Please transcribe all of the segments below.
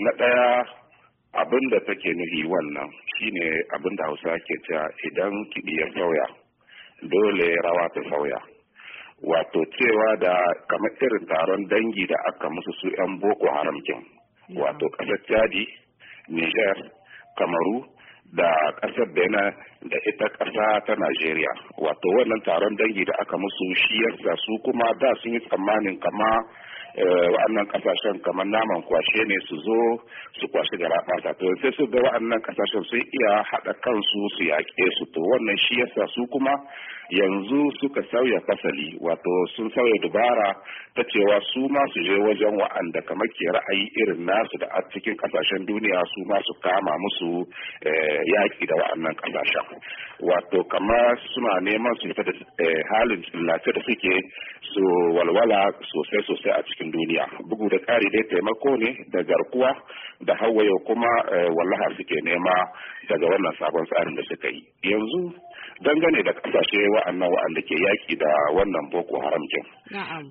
na ɗaya abin da take nuhi wannan shine abin da hausa ke cewa idan kiɗi ya sauya dole rawa ta sauya wato cewa da kamar irin taron dangi da aka musu su 'yan boko haramkin wato ƙasar chadi niger kamaru da ƙasar bena da ita kasa ta nigeria wato wannan taron dangi da aka musu shi yasa su kuma da sun yi tsammanin kama Eh, wa'annan kasashen kamar naman kwashe ne su zo su kwashe gara fata to sai su ga wa'annan kasashen sun iya haɗa kansu su yaƙe su to wannan shi yasa su kuma yanzu suka sauya fasali wato sun sauya dubara ta cewa su ma su je wajen wa'anda kamar ke ra'ayi irin nasu da a cikin kasashen duniya su ma su kama musu eh, yaƙi da wa'annan kasashen wato kamar suna neman su fita da eh, halin lafiya da suke su walwala sosai sosai a cikin duniya bugu da ƙari dai taimako ne da garkuwa da hawaye kuma eh, wallaha suke nema daga wannan sabon tsarin da suka yi yanzu dangane da kasashe wa'annan wa'anda ke yaki da wannan boko haram jin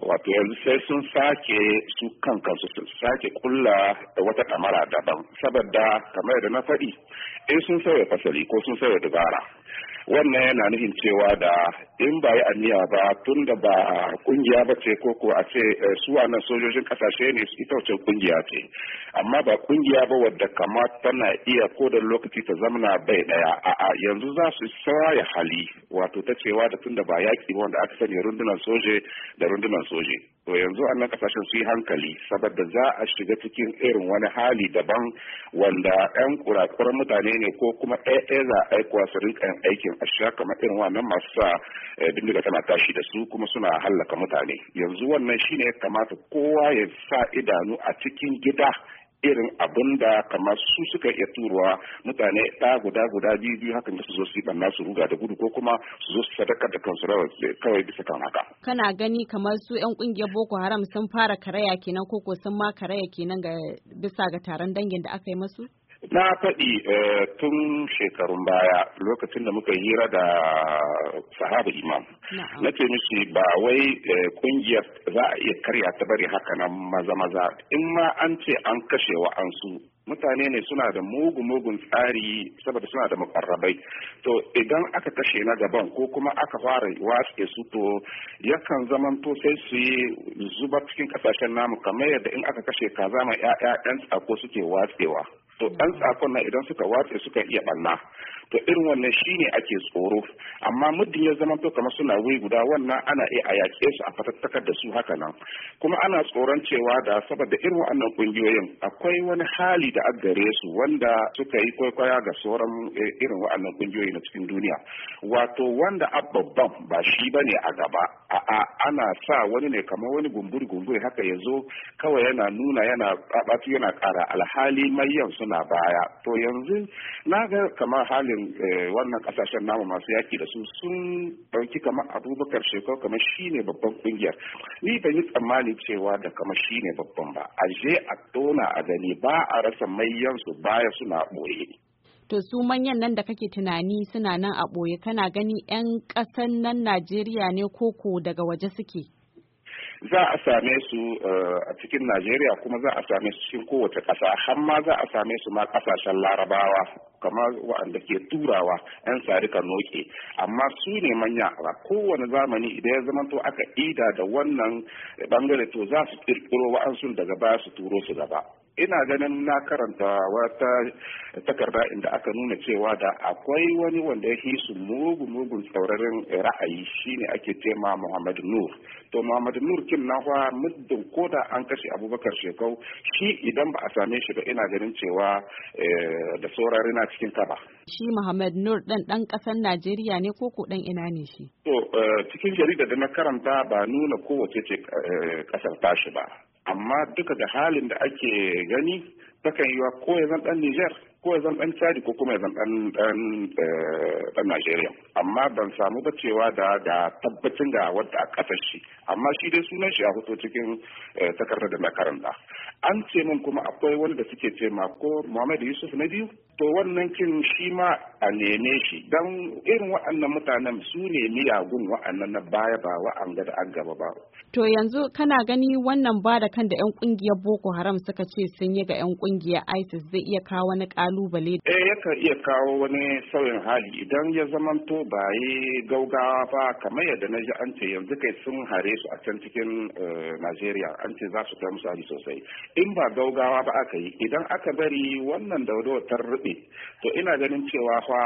wato yanzu sai sun sake su kan kansu sun sake kulla wata kamara daban saboda kamar da na faɗi in sun sauya fasali ko sun sauya dubara wannan yana nufin cewa da in ba yi aniya ba tun da ba kungiya ba ce ko ko a ce eh, su wannan sojojin kasashe ne ita wacce kungiya ce amma ba kungiya ba wadda kama tana iya ko da lokaci ta zamana bai daya a'a yanzu za su sauya hali wato ta cewa da tun da ba yaki wanda aka sani rundunar soje da rundunar soje to yanzu an nan kasashen su yi hankali saboda za a shiga cikin irin wani hali daban wanda yan kurakuran mutane ne ko kuma ɗaya za a aikowa su rinka yin aikin sha kamar irin wannan masu sa eh, bindiga tana tashi da su kuma suna hallaka mutane yanzu wannan shine ya kamata kowa ya sa idanu a cikin gida irin abin da kamar su suka iya turuwa mutane ɗa guda guda biyu biyu hakan da su zo su yi ɓanna su ruga da gudu ko kuma su zo su sadaka da kansu kawai bisa kan haka. Kana gani kamar su 'yan kungiyar Boko Haram sun fara karaya kenan ko ko sun ma karaya kenan ga bisa ga taron dangin da aka yi masu? na faɗi eh, tun shekarun baya lokacin da muka hira da sahaba imam na ce mishi ba wai kungiyar eh, za a iya karya ta bari haka nan maza maza in ma an ce an kashe wa an su mutane ne suna da mugu mugun tsari saboda suna da makarrabai to idan aka kashe na gaban ko kuma aka fara watsa su to yakan zaman to sai su yi zuba cikin kasashen namu kamar yadda in aka kashe kaza ma 'ya'ya 'yan tsako suke watsewa to ɗan tsakon nan idan suka watse suka iya ɓanna to irin wannan shine ake tsoro amma muddin ya zama to kamar suna wai guda wannan ana iya a yaƙe su a fatattakar da su haka nan kuma ana tsoron cewa da saboda irin wannan kungiyoyin akwai wani hali da aka gare su wanda suka yi kwaikwaya ga sauran eh, irin waɗannan ƙungiyoyi na cikin duniya wato wanda ababban ba shi bane a gaba a'a ana sa wani ne kamar wani gumburi gumburi haka ya zo kawai yana nuna yana ɓaɓatu yana ƙara alhali mayan suna baya to yanzu na ga kamar halin eh, wannan ƙasashen namu masu yaki da su sun ɗauki kamar abubakar shekau kamar shi ne babban ƙungiyar ni ban yi tsammani cewa da kamar shi ne babban ba a je a tona a gani ba a rasa mayan su baya suna ɓoye to su manyan nan da kake tunani suna nan a ɓoye kana gani 'yan ƙasan nan najeriya ne koko daga waje suke za a same su eh, a cikin najeriya kuma za a same su cikin kowace ƙasa har ma za a same su ma ƙasashen larabawa kamar wa'anda ke turawa 'yan sarika noke amma su ne manya a kowane zamani idan ya zama to aka ida da wannan bangare to za su ƙirƙiro wa'ansu daga baya su turo su gaba ina ganin na karanta wata takarda inda aka nuna cewa da akwai wani wanda ya hisu mugu mugun tsauraren ra'ayi shine ake ma Muhammad Nur to Muhammad Nur kin na fa muddin koda an kashe Abubakar Shekau shi idan ba a same shi ba ina ganin cewa eh, da saurari na cikin kaba shi Muhammad Nur dan dan kasar Najeriya ne ko ko dan ina ne shi to eh, cikin jarida da na karanta ba nuna kowace ce kasar eh, tashi ba amma duka da halin da ake gani takan yi wa ko ya zan dan Nijar ko ya zan dan Chad ko kuma ya zan dan dan eh, Nigeria amma ban samu ba cewa da da tabbacin ga wanda a kasar shi amma shi dai sunan shi a hoto cikin eh, takardar da makaranta an ce min kuma akwai wani da suke ce ma ko Muhammad Yusuf na biyu to wannan kin shi ma a neme shi dan irin waɗannan mutanen su ne miyagun wa'annan na baya ba wa'anga da an gaba ba To yanzu kana gani wannan ba da kan da 'yan kungiyar Boko Haram suka ce sun yi ga 'yan kungiyar ISIS zai iya kawo wani kalubale? Eh yakan iya kawo wani sauyin hali idan ya to ba yi gaugawa ba kamar yadda na ji an ce yanzu kai sun hare su a can cikin eh, Najeriya an ce za su kai musu hali sosai. In ba gaugawa ba aka yi idan aka bari wannan daudawar ta to ina ganin cewa fa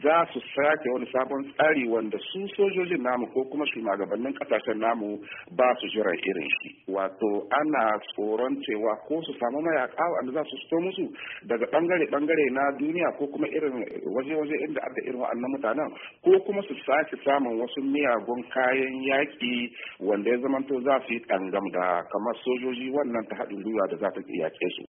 za su sake wani sabon tsari wanda su sojojin namu ko kuma shugabannin kasashen namu ba su jira irin shi wato ana tsoron cewa ko su samu mayaka wanda za su so musu daga bangare bangare na duniya ko kuma irin waje waje inda aka irin wa'annan mutanen ko kuma su sake samun wasu miyagun kayan yaki wanda ya zamanto za su yi tangam da kamar sojoji wannan ta haɗin gwiwa da za ta yaƙe su